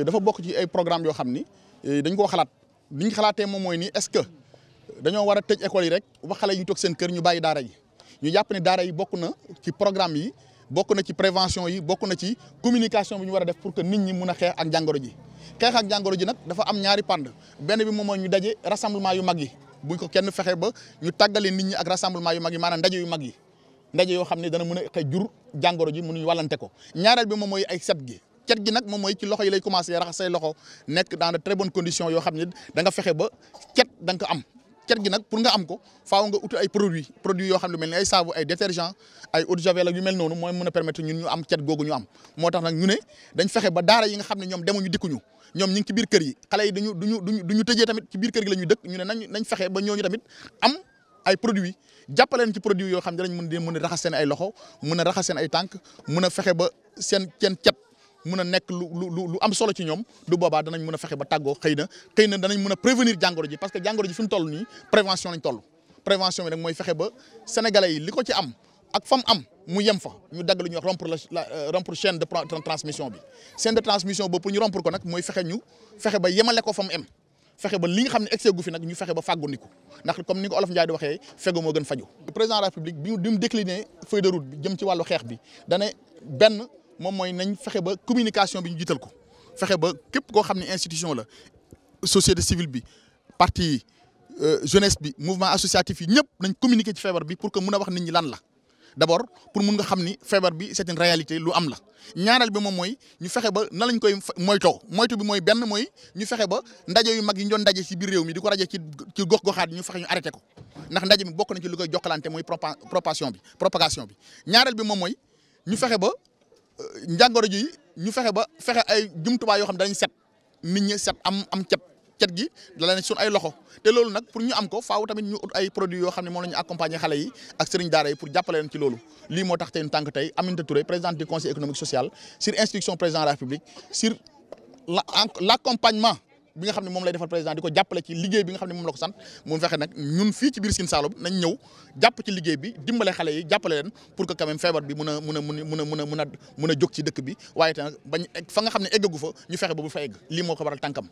Euh, dafa bokk ci ay programme yoo xam ni euh, dañ koo xalaat li ñu xalaatee moom mooy nii est-ce que dañoo war a tëj école yi rek ba xale yu toog seen kër ñu bàyyi daara yi ñu jàpp ne daara yi bokk na ci programme yi bokk na ci prévention yi bokk na ci communication bi ñu war a def pour que nit ñi mun a xeex ak jàngoro ji xeex ak jàngoro ji nag dafa am ñaari pànd benn bi moom mooy ñu daje rassemblement yu mag yi buñ ko kenn fexe ba ñu tàggale nit ñi ak rassemblement yu mag yi maanaam ndaje yu mag yi ndaje yoo xam ne dana mën a xëy jur jàngoro ji mënuñ wàllante ko ñaareel bi moom ay set cet gi nag moom mooy ci loxo yi lay commencé raxas say loxo nekk dans de très bonnes conditions yoo xam ne da nga fexe ba cet da am cet gi nag pour nga am ko faaw nga uti ay produits produits yoo xam ne mel ni ay saabu ay détergent ay eau de javel noonu mooy mën a ñun ñu am cet googu ñu am moo tax ne dañ fexe ba nga xam ne ñoom demuñu dikkuñu ñoom ñu ngi ci biir kër yi xale yi duñu duñu duñu duñu tëjee tamit ci biir kër gi la ñuy dëkk ñu ne nañ nañ fexe ba ñooñu tamit am ay produits jàppaleen ci produits yoo xam ne dañ mën di mën a raxas seen ay loxo mën a raxas seen ay tànk mën a fexe ba seen seen cet mun a nekk lu lu lu am solo ci ñoom du boobaa danañ mën a fexe ba tàggoo xëy na xëy na danañ mën a prévenir jàngoro ji parce que jàngoro ji fi mu toll nii prévention lañ toll prévention bi nag mooy li ko ci am ak fam am mu yem fa ñu dagg lu ñuy wax la euh, rompre chaîne de transmission bi chaîne de transmission boobu pour ñu rompre ko nag mooy fexe ñu fexe ba yemale ko xam ne excès gu fi nag ñu fexe ba fàggandiku ndax comme ni ko olof waxee fego moo gën faju président de la république bi mu route bi jëm ci wàllu xeex bi dane benn moom mooy nañ fexe ba communication bi ñu jiital ko fexe ba képp koo xam ne institution la société civile bi parti yi euh, jeunesse bi mouvement associatif yi ñëpp nañ communiqué ci feebar bi pour que mun a wax nit ñi lan la d'abord pour mun nga xam ni feebar bi c'est réalité lu am la ñaareel bi moom mooy ñu fexe ba na lañ koy moytoo moytu bi mooy benn mooy ñu fexe ba ndaje yu mag yi ñu doon ndaje ci biir réew mi di ko raje ci ci gox-goxaat ñu fexe ñu arrêté ko ndax ndaje mi bokk na ci lu koy jokkalante mooy propagation bi propagation bi ñaareel bi moom mooy ñu fexe ba njàngoro ji ñu fexe ba fexe ay jumtuwaay yoo xam danañ set nit ñi set am am cet cet gi dala ne sun ay loxo te loolu nag pour ñu am ko faaw tamit ñu ut ay produits yoo xam ne moom la ñu accompagner xale yi ak sëriñ daara pour jàppale leen ci loolu lii moo tax tey tànk tey Aminata Touré présidente du conseil économique social sur instruction président la République sur l'accompagnement bi nga xam ne moom lay defal président di ko jàppale ci liggéey bi nga xam ne moom la ko sant moom fexe nag ñun fii ci biir Sine Saloum nañ ñëw jàpp ci liggéey bi dimbale xale yi jàppale leen pour que quand même feebar bi mun a mun a mun a mun a mun a mun a jóg ci dëkk bi waaye tamit bañ fa nga xam ne eggagu fa ñu fexe ba bu fa egg lii moo ko waral tànkam